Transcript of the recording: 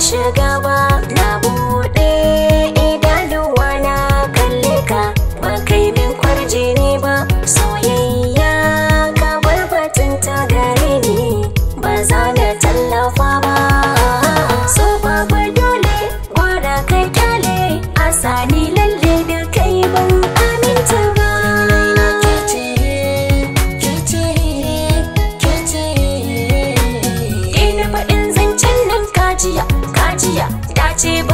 shiga ba Спасибо.